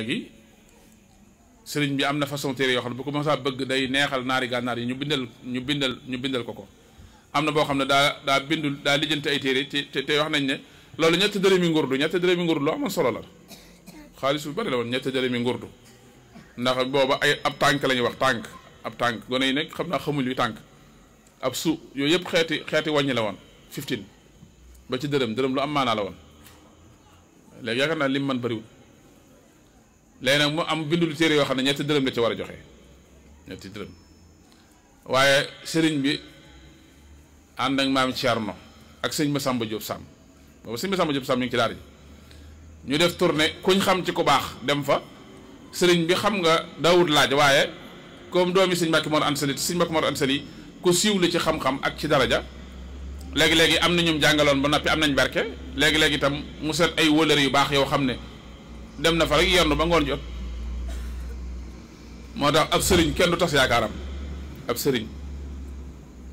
léegi sëriñ bi am na façon téere yoo xam ne bu ko mos bëgg day neexal naari gànnaar yi ñu bindal ñu bindal ñu bindal ko ko am na boo xam ne daa daa bindul daa lijjanti ay téere te te wax nañ ne loolu ñetti dërëmi ngurdu ñetti dërëmi ngurdu lu amoon solo la xaalis bu bari la woon ñett ñetti dërëmi ngurdu ndax booba ay ab tànk la ñuy wax tànk ab tànk gone yi nekk xam naa xamul yu tànk ab su yooyu yëpp xeeti xeeti wàññi la woon 15 ba ci dërëm dërëm lu am maanaa la woon yaakaar naa lim man bëriwul léegi nag mu am bindu lu téere yoo xam ne ñetti dërëm la ci war a joxe ñetti dërëm waaye sëriñ bi ànd ak maam Thierno ak sëñ Massamba Diop Samb boobu sëñ Massamba Diop Samb ñu ci daara ñu def tournée kuñ xam ci ko baax dem fa sëriñ bi xam nga daawut laaj waaye comme doomi sëñ Mbàkke Mor Anta Sali sëñ Mbàkke Mor Anta Sali ku siiw la ci xam-xam ak ci daraja léegi-léegi am na ñum jàngaloon ba noppi am nañ barke léegi-léegi itam mu seet ay wëlër yu baax yoo xam ne dem na fa rek yendu ba ngoon jot moo tax ab sëriñ kenn du tas yaakaaram ab sëriñ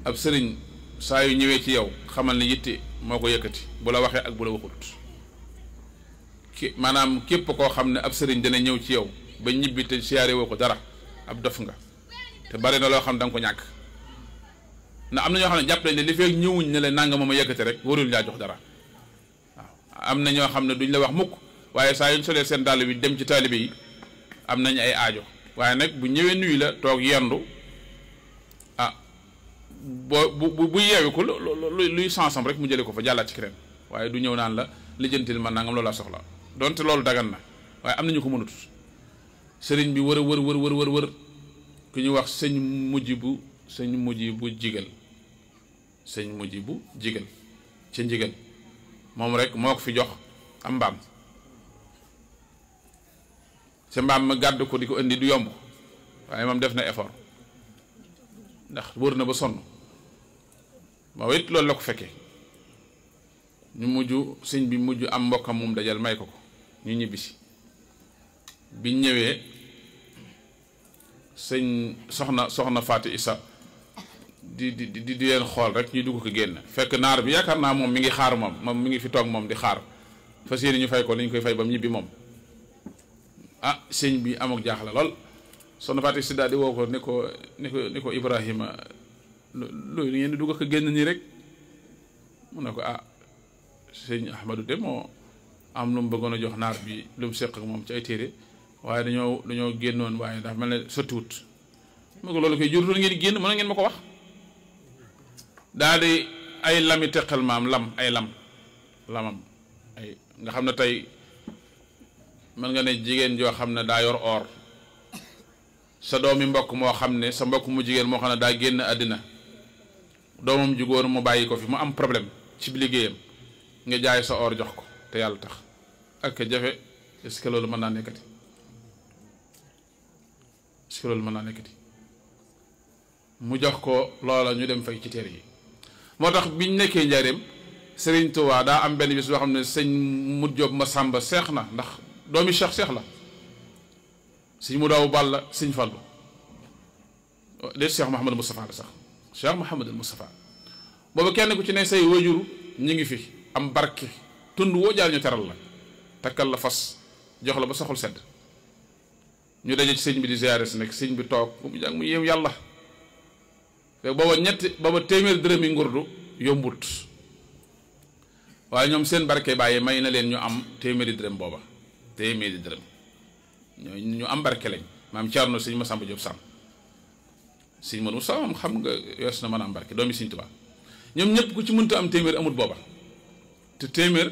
ab sëriñ saa yu ñëwee ci yow xamal ne yitte moo ko yëkkati bu la waxee ak bu la waxut ki maanaam képp koo xam ne ab sëriñ dana ñëw ci yow ba ñibbi te siyaare woo ko dara ab dof nga te bari na loo xam da nga ko ñàkk ndax am na ñoo xam ne jàpp nañ ne li fekk ñëwuñ ne la nanga moom a yëkkati rek warul laa jox dara am na ñoo xam ne duñ la wax mukk waaye saa yuñ solee seen dàll bi dem ci taalibe yi am nañ ay aajo waaye nag bu ñëwee nuyu la toog yendu ah boo bu bu yeewi ko luy sansam rek mu jëlee ko fa jàllaat ci keneen waaye du ñëw naan la lijjantil man nangam loolaa soxla donte loolu dagan na waaye am nañu ko mënut sëriñ bi wër a wër wër wër wër wër ku ñuy wax sëñ mujj bu sëñ mujj bu jigal sëñ mujj bu jigal ca njigal moom rek moo ko fi jox am mbaam sa mbaam ma gàdd ko di ko indi du yomb waaye moom def na effort ndax wër na ba sonn moo it loolu la ko fekkee ñu mujj sëñ bi mujj am mbokkam moom dajal may ko ko ñu ñibbisi biñ ñëwee sëñ soxna soxna Fatou Issa di di di di leen xool rek ñu dugg ko génn fekk naar bi yaakaar naa moom mi ngi xaar moom moom mi ngi fi toog moom di xaar fas yéene ñu fay ko li ñu koy fay ba mu ñibbi moom ah sëñ bi am ak jaaxle lool soxna Fatou si daal di woo ko ne ko ne ko ne ko Ibrahima loolu ngeen di dugg ak génn nii rek mu ne ko ah sëñ Ahmadou de moo am lu mu bëggoon a jox naar bi lu mu seq ak moom ci ay téere waaye dañoo dañoo génnoon waaye dafa mel ne sottiwut mu ko loolu koy jur ngeen di génn mën ngeen ma ko wax daal di ay lami teqal maam lam ay lam lamam nga xam ne tey. mën nga ne jigéen joo xam ne daa yor or sa doomi mbokk moo xam ne sa mbokk mu jigéen moo xam ne daa génn àddina doomam ju góor mu bàyyi ko fi mu am problème ci liggéeyam nga jaay sa or jox ko te yàlla tax ak jafe est-ce que loolu mën naa nekkati est-ce loolu mën naa nekkati mu jox ko loola ñu dem fay ci teer yi moo tax biñ nekkee njarim Sëriñ Tuubaa daa am benn bis boo xam ne sëñ mujjoob ma sàmba seex na ndax doomi Cheikh Cheikh la sëñ mu daaw bàll la sëñ Fallou déet Cheikh Mouhamadou Moustapha la sax Cheikh Mouhamadou Moustapha boobu kenn ku ci ne say wajur ñu ngi fi am barke tund woo jaar ñu teral la takkal la fas jox la ba saxul sedd ñu daje ci sëñ bi di si nekk sëñ bi toog bu mu jàng mu yéem yàlla te booba ñetti booba téeméer dërëmi ngurdu yombut waaye ñoom seen barke bàyyi may na leen ñu am téeméeri dërëm booba téeméeri dërëm ñooñu ñu am barke lañ maam Thierno sëñ Massamba Diop Sam sëñ Manoum Sam xam nga wees na mën am barke doomi sëñ Tuubaa ñoom ñëpp ku ci mënta am téeméer amut booba te téeméer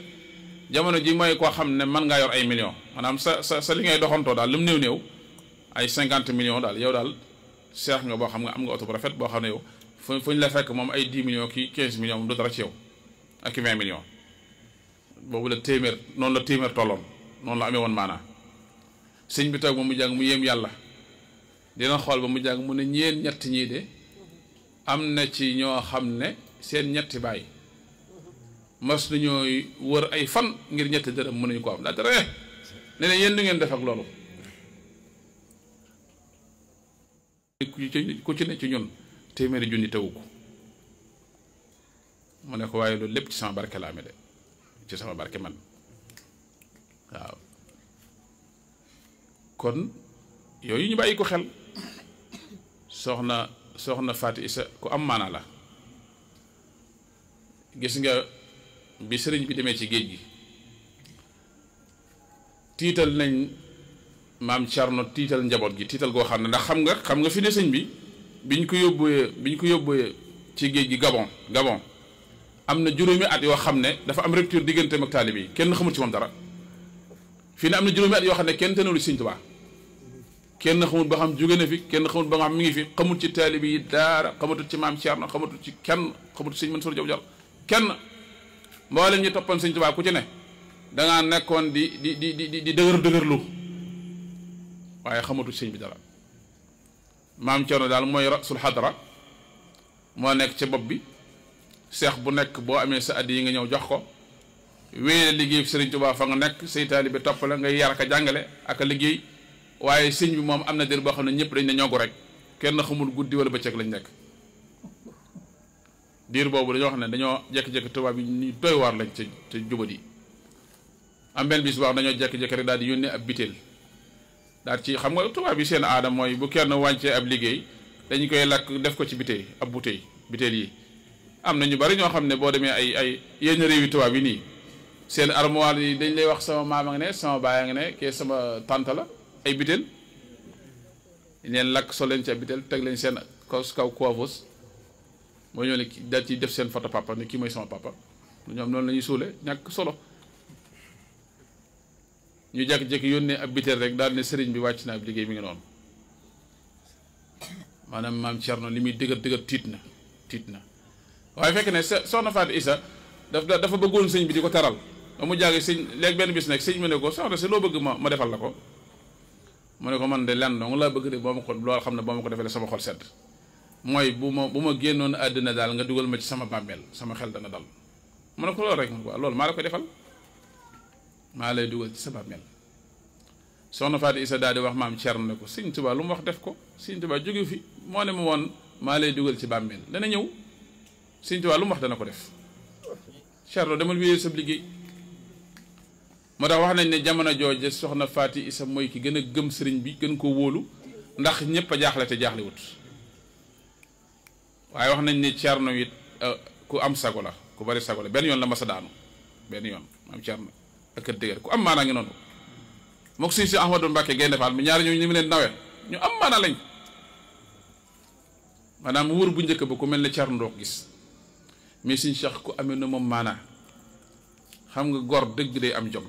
jamono ji mooy koo xam ne mën ngaa yor ay millions maanaam sa sa sa li ngay doxantoo daal lu mu néew néew ay cinquante millions daal yow daal seex nga boo xam nga am nga oto bu rafet boo xam ne yow fu fu la fekk moom ay dix millions ki quinze millions moom du dara ci yow la téeméer noonu la téeméer tolloon. noonu la amee woon maana sëñ bi taw ba mu jàng mu yéem yàlla dina xool ba mu jàng mu ne ñeen ñetti ñii de am na ci ñoo xam ne seen ñetti baay mas nañoo wër ay fan ngir ñetti dërëm mën nañu ko am daa dara ne yéen du ngeen def ak loolu ku ci ne ci ñun téeméeri junni tawu ko mu ne ko waaye loolu lépp ci sama barke la amee de ci sama barke man waaw kon yooyu ñu bàyyi ko xel soxna soxna Fatou Issa ku am maanaa la gis nga bi sëriñ bi demee ci géej gi tiital nañ maam Thierno tiital njaboot gi tiital goo xam ne ndax xam nga xam nga fi ne sëñ bi biñ ko yóbbuwee biñ ko yóbbuwee ci géej gi Gabon Gabon am na juróomi at yoo xam ne dafa am rupture diggante ak taalibe yi kenn xamul ci moom dara. fii ne am na juróomi at yoo xam ne kenn tënulu Sëriñ Tuubaa kenn xamut ba xam jóge na fi kenn xamut ba nga xam mi ngi fi xamut ci taalibi yi daara xamutul ci maam Thierno xamutul ci kenn xamut Sëriñ Mansour Diop Dior kenn mboolem ñi toppoon Sëriñ Tuubaa ku ci ne dangaa nekkoon di di di di di dëgër dëgërlu waaye xamatu sëñ bi dara maam Thierno daal mooy rasul xadra moo nekk ci bopp bi seex bu nekk boo amee sa addi yi nga ñëw jox ko wéyale liggéey sëriñ Tuubaa fa nga nekk say bi topp la ngay yar ka jàngale ak a liggéey waaye sëñ bi moom am na dër boo xam ne ñëpp dañ ne ñoogu rek kenn xamul guddi wala bëccëg lañ nekk diir boobu dañoo xam ne dañoo jékki tubaab yi ñu doy waar lañ ca ca jubad yi am benn bis wax dañoo jékki-jékki rek daal di yónnee ab bitéel daal ci xam nga tubaab yi seen aadam mooy bu kenn wàñcee ab liggéey dañu koy lakk def ko ci bitéel ab bouteille bitéel yi am na ñu bari ñoo xam ne boo demee ay ay yenn réewi tubaab yi nii seen armoire yi dañ lay wax sama maam a ngi ne sama baay a ngi ne kee sama tànt la ay bitel neen lakk so leen ci ay bitel teg leen seen kaw kaw coiffeuse moo ñëw ne daal ci def seen photo papa ne kii mooy sama papa ñoom noonu la suule ñàkk solo ñu jékki-jékki yónnee ab bitel rek daal ne sëriñ bi wàcc naa ab liggéey mi ngi noonu maanaam maam Thierno li muy dëgër dëgër tiit na tiit na waaye fekk ne soxna Fatou Issa dafa dafa bëggoon sëñ bi di ko taral mu jàgg sëñ leg ben bis nek sëñ mu ne ko soxna ci lo bëgg ma ma defal lako ko mu ne ko man de lenn nga la bëgg de bama ma ko lool xam ne ko defee sama xol sedd moy buma buma gennon aduna dal nga duggal ma ci sama bàmmeel sama xel dana dal mu ne ko lo rek mu ne ko ah, loolu maa la ko defal ma lay duggal ci sama bàmmeel soxna Fatou isa daal di wax maam cher ne ko sëñ Tuubaa lu mu wax def ko sëñ tuba jóge fi mo ne mu won ma lay duggal ci bàmmeel dana ñew sëñ tuba lu mu wax dana ko def Thierno demal wiyé sa liggéey moo tax wax nañ ne jamono jooje soxna Faati Isa mooy ki gën a gëm sëriñ bi gën ko wóolu ndax ñëpp a jaaxle te jaaxlewut waaye wax nañ ne Thierno it euh, ku am sago la ku bari sago la benn yoon la mas a daanu benn yoon maam Thierno ak dëgër ku am maanaa ngi noonu mook si Ahmadou Mbacke Gaynde Faal mi ñaari ñooñu ñu mu leen nawee ñu am maanaa lañ maanaam wóor bu njëkk ba mel ne Thierno ndox gis mais suñ Cheikh ku amee na moom maanaa xam nga gor dëgg day am jom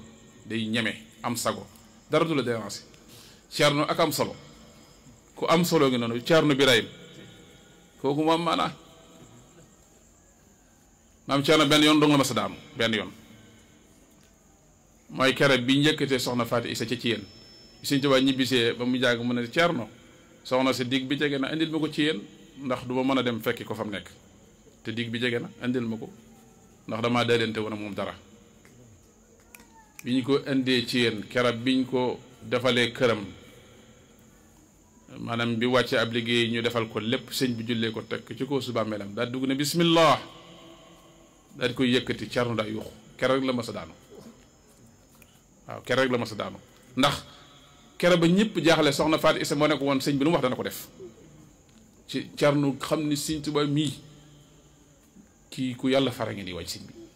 day ñeme am sago dara du la déranger Thierno ak am solo ku am solo ngi noonu Thierno Birahim kooku moom maanaa maam Thierno benn yoon dong la ma benn yoon mooy kere bi njëkkatee soxna Faati Isa ca ci yéen Sëñ Tuubaa ñibbisee ba mu jàgg mu ne Thierno soxna si digg bi jege na indil ma ko ci yéen ndax du ma mën a dem fekki ko fa nekk te digg bi jege na indil ma ko ndax dama daalente woon moom dara bi ñu ko indee ci yéen keroog biñ ko defalee këram maanaam bi wàccee ab liggéey ñu defal ko lépp sëñ bi jullee ko tekk ci kaw suba melam daal dugg na bismillah daal di koy yëkkati carnu daa yuux keroog la mas a daanu waaw la mas a daanu ndax keroog ba ñëpp jaaxle soxna Fatou Issa moo nekk woon sëñ bi lu mu wax dana ko def ci carnu xam ni sëñ Tuubaa mii kii ku yàlla fara ngi nii waaj sëñ bi